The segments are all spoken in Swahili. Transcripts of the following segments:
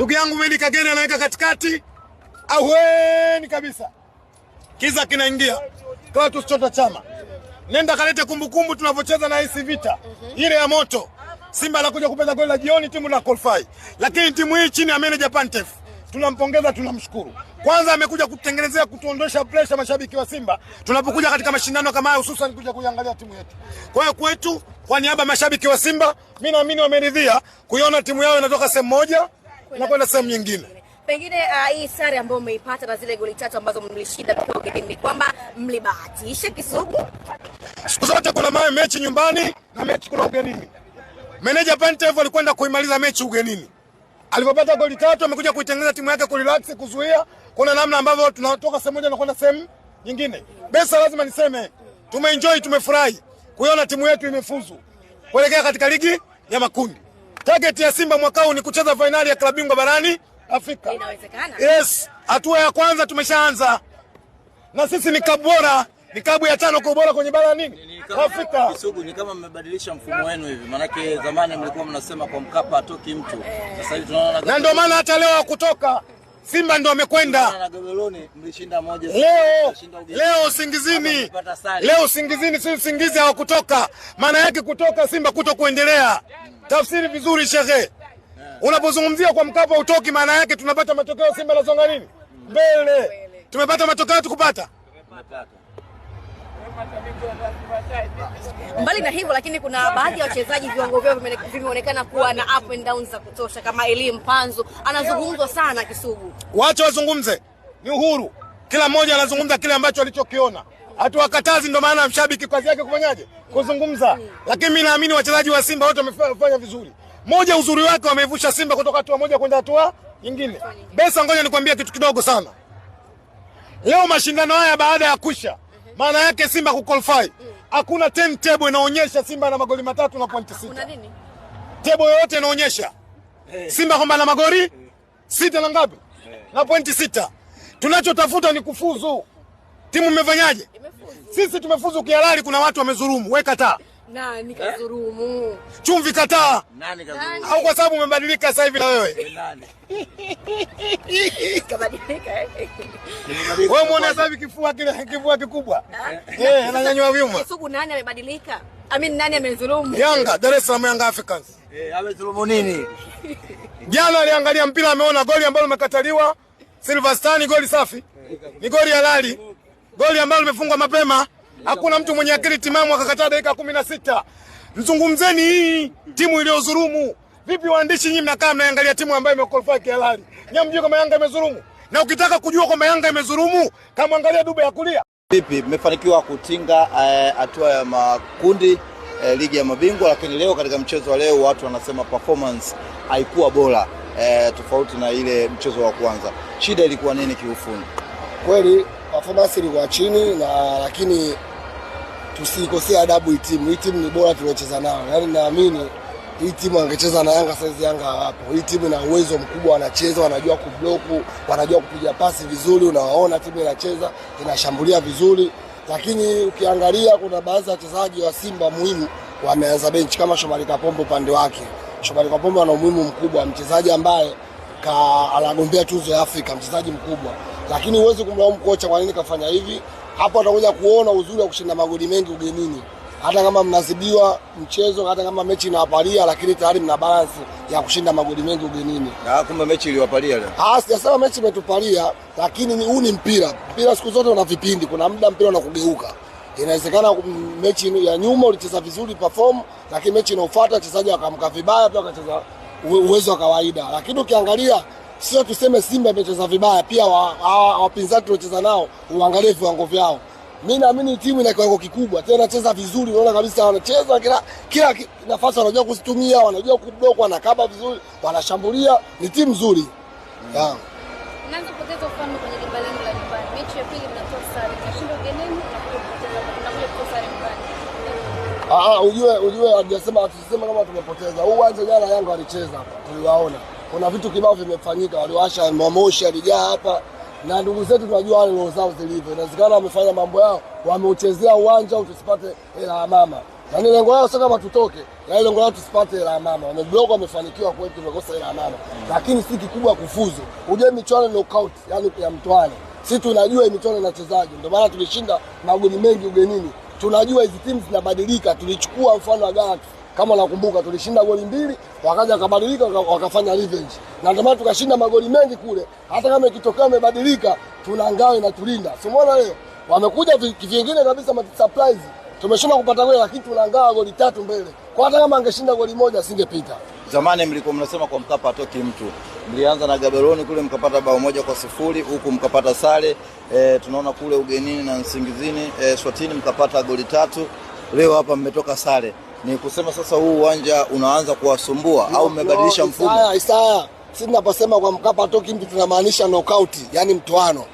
Ndugu yangu Willy Kagere anaweka katikati, aweni kabisa, kiza kinaingia kwa tusichota chama. Nenda kalete kumbukumbu tunavyocheza na AC Vita ile ya moto. Simba anakuja kupata goli la jioni, timu na qualify, lakini timu hii chini ya manager Pantef tunampongeza tunamshukuru. Kwanza amekuja kutengenezea kutuondosha pressure mashabiki wa Simba tunapokuja katika mashindano kama haya, hususan kuja kuangalia timu yetu. Kwa hiyo kwetu, kwa niaba ya mashabiki wa Simba, mimi naamini wameridhia kuiona timu yao inatoka sehemu moja unakwenda sehemu nyingine. Pengine uh, hii sare ambayo umeipata na zile goli tatu ambazo mlishinda pia ugenini ni kwamba mlibahatisha kisugu. Siku zote kuna mawe mechi nyumbani na mechi kuna ugenini. Meneja Pantev alikwenda kuimaliza mechi ugenini. Alipopata goli tatu amekuja kuitengeneza timu yake kurelax, kuzuia. Kuna namna ambavyo tunatoka sehemu moja na kwenda sehemu nyingine. Besa, lazima niseme tumeenjoy, tumefurahi kuiona timu yetu imefuzu kuelekea katika ligi ya makundi. Target ya Simba mwaka huu ni kucheza fainali ya klabu bingwa barani Afrika. Inawezekana? Yes, hatua ya kwanza tumeshaanza, na sisi ni klabu bora, ni klabu ya tano kwa ubora kwenye bara nini Afrika. Kisugu, ni kama mmebadilisha mfumo wenu hivi, maanake zamani mlikuwa mnasema kwa Mkapa atoki mtu, eh. sasa hivi tunaona, na ndio maana hata leo hakutoka Simba ndo amekwenda leo, leo singizini, leo singizini, si usingizi hawakutoka. Maana yake kutoka Simba kuto kuendelea. Tafsiri vizuri shekhe, unapozungumzia kwa Mkapa utoki, maana yake tunapata matokeo Simba songa nini mm. mbele, tumepata matokeo tukupata Mbali na hivyo lakini kuna baadhi ya wachezaji viwango vyao vimeonekana kuwa na up and down za kutosha, kama Elie Mpanzu anazungumzwa sana Kisugu. Wacha wazungumze, ni uhuru, kila mmoja anazungumza kile ambacho alichokiona, hatuwakatazi. ndo maana mshabiki kazi yake kufanyaje? Kuzungumza. Lakini mi naamini wachezaji wa Simba wote wamefanya vizuri. Moja uzuri wake, wameivusha Simba kutoka hatua moja kwenda hatua nyingine. Besa, ngoja nikwambia kitu kidogo sana. Leo mashindano haya baada ya kusha maana yake Simba kuqualify hakuna mm. ten table inaonyesha Simba na magoli matatu na pointi sita. Table yoyote inaonyesha eh. Simba kwamba na magoli eh. sita na ngapi? Eh. Na pointi sita. Tunachotafuta ni kufuzu. Timu imefanyaje? Sisi tumefuzu kihalali, kuna watu wamezulumu, weka taa nani kazurumu? Chumvi kataa. Nani kazurumu? Au kwa sababu umebadilika sasa hivi na wewe? Nani? Kabadilika. Eh. Wewe muone sasa hivi kifua kile kifua kikubwa. Eh, eh ananyanyua vyuma. Kisugu nani amebadilika? Amin nani amezurumu? Yanga, Dar es Salaam Yanga Africans. Eh, amezurumu nini? Jana aliangalia mpira ameona goli ambalo limekataliwa. Silverstone goli safi. Ni goli halali. Goli ambalo limefungwa mapema. Hakuna mtu mwenye akili timamu akakataa dakika kumi na sita. Mzungumzeni hii timu iliyodhulumu. Vipi waandishi nyinyi mnakaa mnaangalia timu ambayo imekolfa kihalali? nyinyi mjue kama Yanga imedhulumu. Na ukitaka kujua kwamba Yanga imedhulumu, kama angalia Dube ya kulia. Vipi mmefanikiwa kutinga eh, hatua uh, ya makundi uh, ligi ya mabingwa, lakini leo katika mchezo wa leo watu wanasema performance haikuwa bora uh, tofauti na ile mchezo wa kwanza. Shida ilikuwa nini kiufundi? Kweli performance ilikuwa chini na lakini tusikosee adabu hii timu. Hii timu ni bora tuliocheza nayo, yaani naamini hii timu angecheza na Yanga saizi, Yanga hawapo. Hii timu ina uwezo mkubwa, wanacheza, wanajua kubloku, wanajua kupiga pasi vizuri, unawaona timu inacheza, inashambulia vizuri, lakini ukiangalia kuna baadhi ya wachezaji wa Simba muhimu wameanza benchi kama Shomari Kapombo Upande wake Shomari Kapombo ana umuhimu mkubwa, mchezaji ambaye anagombea tuzo ya Afrika, mchezaji mkubwa, lakini huwezi kumlaumu kocha kwa nini kafanya hivi hapo atakuja kuona uzuri wa kushinda magoli mengi ugenini, hata kama mnazibiwa mchezo, hata kama mechi inawapalia, lakini tayari mna balance ya kushinda magoli mengi ugenini. Na kumbe mechi iliwapalia leo. Ah, sijasema mechi imetupalia, lakini huu ni mpira. Mpira siku zote una vipindi, kuna muda mpira unakugeuka. Inawezekana mechi ya nyuma ulicheza vizuri perform, lakini mechi inayofuata wachezaji wakamka vibaya, pia wakacheza uwezo wa kawaida, lakini ukiangalia sio tuseme Simba imecheza vibaya, pia wapinzani tuliocheza nao uangalie viwango vyao. Mi naamini timu ina kiwango kikubwa, tena inacheza vizuri, unaona kabisa wanacheza kila kila nafasi wanajua kuzitumia, wanajua kublock, wanakaba vizuri, wanashambulia, ni timu nzuri. Mm. Ah, ujue ujue, hajasema atusema kama tumepoteza. Huu uwanja jana Yanga walicheza hapa, tuliwaona kuna vitu kibao vimefanyika, waliwasha mamoshi alijaa hapa, na ndugu zetu tunajua wale roho zao zilivyo. Inawezekana wamefanya mambo yao, wameuchezea uwanja au tusipate hela ya mama, na yaani lengo lao, sio kama tutoke, yaani lengo lao tusipate hela ya mama. Wameblogo, wamefanikiwa kweli, tumekosa hela ya mama, lakini si kikubwa kufuzu. Hujue michuano knockout, yaani ya mtwani, si tunajua hii michuano inachezaje, ndio maana tulishinda magoli mengi ugenini. Tunajua hizi timu zinabadilika. Tulichukua mfano wa Ghana kama unakumbuka, tulishinda goli mbili, wakaja wakabadilika, wakafanya revenge, na ndio maana tukashinda magoli mengi kule. Hata kama ikitokea umebadilika, tuna ngao inatulinda, si umeona leo wamekuja vingine kabisa, ma surprise tumeshinda kupata goli, lakini tuna ngao goli tatu mbele. Kwa hata kama angeshinda goli moja asingepita. Zamani mlikuwa mnasema kwa Mkapa atoki mtu, mlianza na Gaberoni kule mkapata bao moja kwa sifuri huku mkapata sare e, tunaona kule ugenini na Nsingizini e, Swatini mkapata goli tatu, leo hapa mmetoka sare ni kusema sasa huu uwanja unaanza kuwasumbua no, au umebadilisha no, mfumo? Isaya, Isaya, sisi tunaposema kwa Mkapa hatoki mtu tunamaanisha knockout, yani mtoano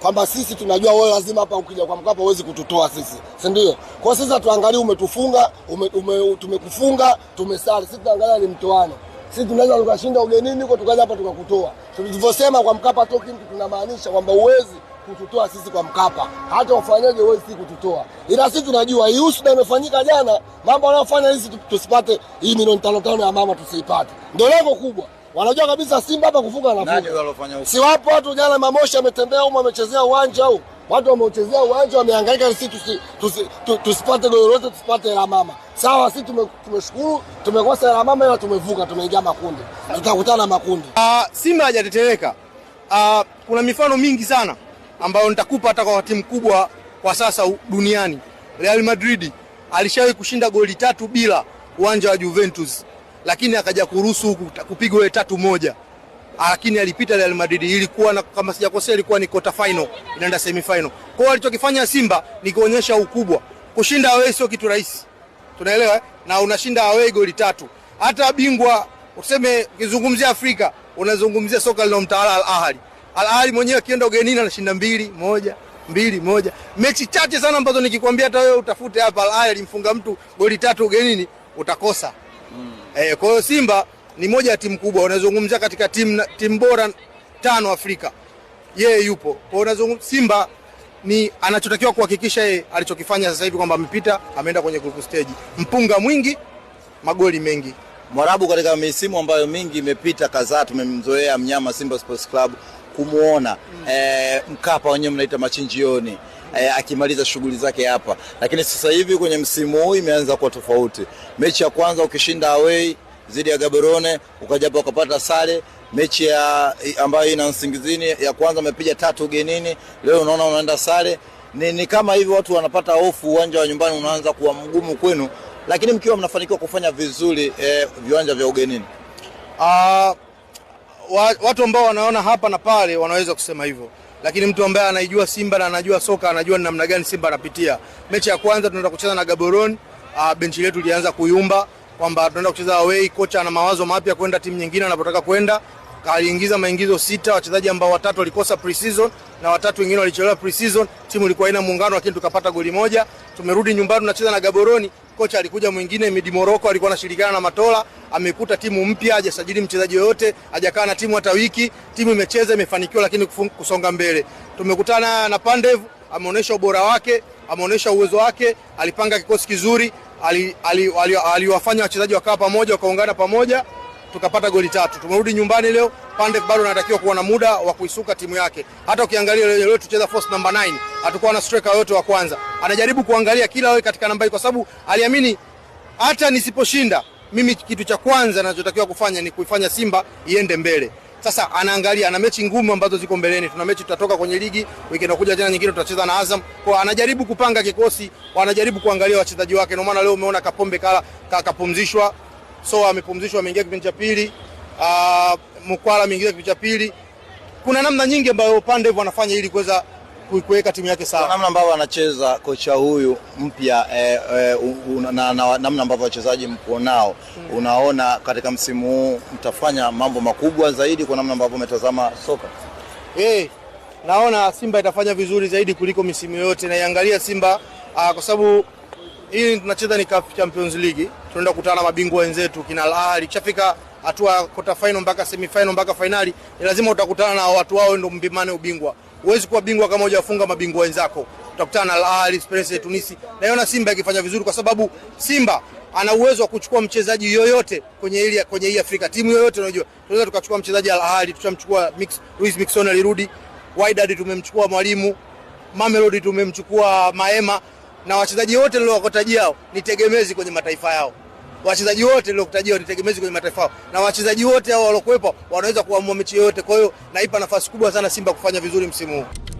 kwamba sisi tunajua wewe lazima hapa ukija kwa Mkapa huwezi kututoa sisi, si ndio? Kwa hiyo sasa tuangalie, umetufunga ume, ume, tumekufunga tumesali, sisi tunaangalia ni mtoano. Sisi tunaweza tukashinda ugenini huko tukaja hapa tukakutoa. Tulivyosema kwa Mkapa toki mtu tunamaanisha kwamba uwezi kututoa sisi kwa Mkapa, hata ufanyaje huwezi si kututoa, ila sisi tunajua hii husuda imefanyika jana, mambo wanayofanya sisi tusipate hii milioni tano tano ya mama tusiipate, ndio lengo kubwa. Wanajua kabisa Simba hapa kufunga huko, si wapo watu jana, Mamoshi ametembea huko, amechezea uwanja huu, watu wameuchezea uwanja, wamehangaika sisi tusi, tusi, tusi, tusipate goli lolote, tusipate la mama. Sawa, sisi tume, tumeshukuru, tumekosa la mama, ila tumevuka, tumeingia makundi, tutakutana makundi. Uh, Simba hajatetereka. Uh, kuna mifano mingi sana ambayo nitakupa hata kwa timu kubwa kwa sasa duniani. Real Madrid alishawahi kushinda goli tatu bila uwanja wa Juventus, lakini akaja kuruhusu kupigwa ile tatu moja, lakini alipita Real Madrid. Ilikuwa na kama sijakosea, ilikuwa ni quarter final inaenda semi final. Kwa hiyo alichokifanya Simba ni kuonyesha ukubwa. Kushinda away sio kitu rahisi, tunaelewa eh? na unashinda away goli tatu. Hata bingwa useme, ukizungumzia Afrika unazungumzia soka linalomtawala Al Ahly Al Ahly mwenyewe akienda ugenini anashinda mbili moja mbili moja. Mechi chache sana ambazo nikikwambia hata wewe utafute hapa Al Ahly alimfunga mtu goli tatu ugenini utakosa. Mm. Eh, kwa hiyo Simba ni moja ya timu kubwa, unazungumzia katika timu timu bora tano Afrika, yeye yupo. Kwa unazungumza Simba ni anachotakiwa kuhakikisha yeye alichokifanya sasa hivi kwamba amepita, ameenda kwenye group stage, mpunga mwingi, magoli mengi. Mwarabu katika misimu ambayo mingi imepita kadhaa, tumemzoea mnyama Simba Sports Club kumwona mm. e, Mkapa wenyewe mnaita machinjioni e, akimaliza shughuli zake hapa, lakini sasa hivi kwenye msimu huu imeanza kuwa tofauti. Mechi ya kwanza ukishinda away dhidi ya Gaborone ukaja hapa ukapata sare mechi ya ambayo ina msingizini ya kwanza amepiga tatu ugenini, leo unaona unaenda sare. Ni, ni kama hivyo watu wanapata hofu, uwanja wa nyumbani unaanza kuwa mgumu kwenu, lakini mkiwa mnafanikiwa kufanya vizuri eh, viwanja vya ugenini uh, watu ambao wanaona hapa na pale wanaweza kusema hivyo, lakini mtu ambaye anaijua Simba na anajua soka anajua ni namna gani Simba anapitia. Mechi ya kwanza tunaenda kucheza na Gaborone, ah, benchi letu ilianza kuyumba kwamba tunaenda kucheza away. Kocha ana mawazo mapya kwenda timu nyingine anapotaka kwenda, aliingiza maingizo sita, wachezaji ambao watatu walikosa pre-season na watatu wengine walichelewa pre-season. Timu ilikuwa haina muungano, lakini tukapata goli moja. Tumerudi nyumbani tunacheza na Gaborone, kocha alikuja mwingine Midi Moroko, alikuwa anashirikiana na Matola, amekuta timu mpya, hajasajili mchezaji yoyote, hajakaa na timu hata wiki, timu imecheza, imefanikiwa lakini kusonga mbele. Tumekutana na Pandev, ameonyesha ubora wake, ameonyesha uwezo wake, alipanga kikosi kizuri, aliwafanya ali, ali, ali wachezaji wakawa pamoja, wakaungana pamoja tukapata goli tatu. Tumerudi nyumbani leo, pande bado anatakiwa kuwa na muda wa kuisuka timu yake. Hata ukiangalia leo, leo tucheza force number 9 hatakuwa na striker yote wa kwanza, anajaribu kuangalia kila wewe katika namba hii, kwa sababu aliamini hata nisiposhinda mimi, kitu cha kwanza ninachotakiwa kufanya ni kuifanya Simba iende mbele. Sasa anaangalia ana mechi ngumu ambazo ziko mbeleni. Tuna mechi tutatoka kwenye ligi wiki inakuja tena nyingine tutacheza na Azam. Kwa anajaribu kupanga kikosi, anajaribu kuangalia wachezaji wake. Ndio maana leo umeona Kapombe kala kapumzishwa, so amepumzishwa, ameingia kipindi cha pili. Uh, ah, Mkwala ameingia kipindi cha pili. Kuna namna nyingi ambayo hivyo anafanya ili kuweza kuiweka timu yake sawa, namna ambavyo anacheza kocha huyu mpya eh, eh, na namna ambavyo wachezaji mko nao hmm. Unaona katika msimu huu mtafanya mambo makubwa zaidi kwa namna ambavyo umetazama soka hey, eh, naona Simba itafanya vizuri zaidi kuliko misimu yote. Naiangalia Simba uh, kwa sababu hii tunacheza ni CAF Champions League, tunaenda kukutana na mabingwa wenzetu kina Al Ahly. Kishafika hatua ya quarter final mpaka semi final mpaka finali, ni lazima utakutana na watu wao, ndio mbimane ubingwa. Huwezi kuwa bingwa kama hujafunga mabingwa wenzako. Utakutana na Al Ahly, Esperance Tunisi. Naiona Simba ikifanya vizuri kwa sababu Simba ana uwezo wa kuchukua mchezaji yoyote kwenye ile kwenye hii Afrika, timu yoyote unajua. Tunaweza tukachukua mchezaji Al Ahly, tutamchukua Mix Luis Mixon alirudi. Wydad tumemchukua mwalimu. Mamelodi tumemchukua Maema na wachezaji wote niliowakotajia hao ni tegemezi kwenye mataifa yao. Wachezaji wote niliokutajia ni tegemezi kwenye mataifa yao, na wachezaji wote hao waliokuwepo wanaweza kuamua mechi yoyote. Kwa hiyo naipa nafasi kubwa sana Simba kufanya vizuri msimu huu.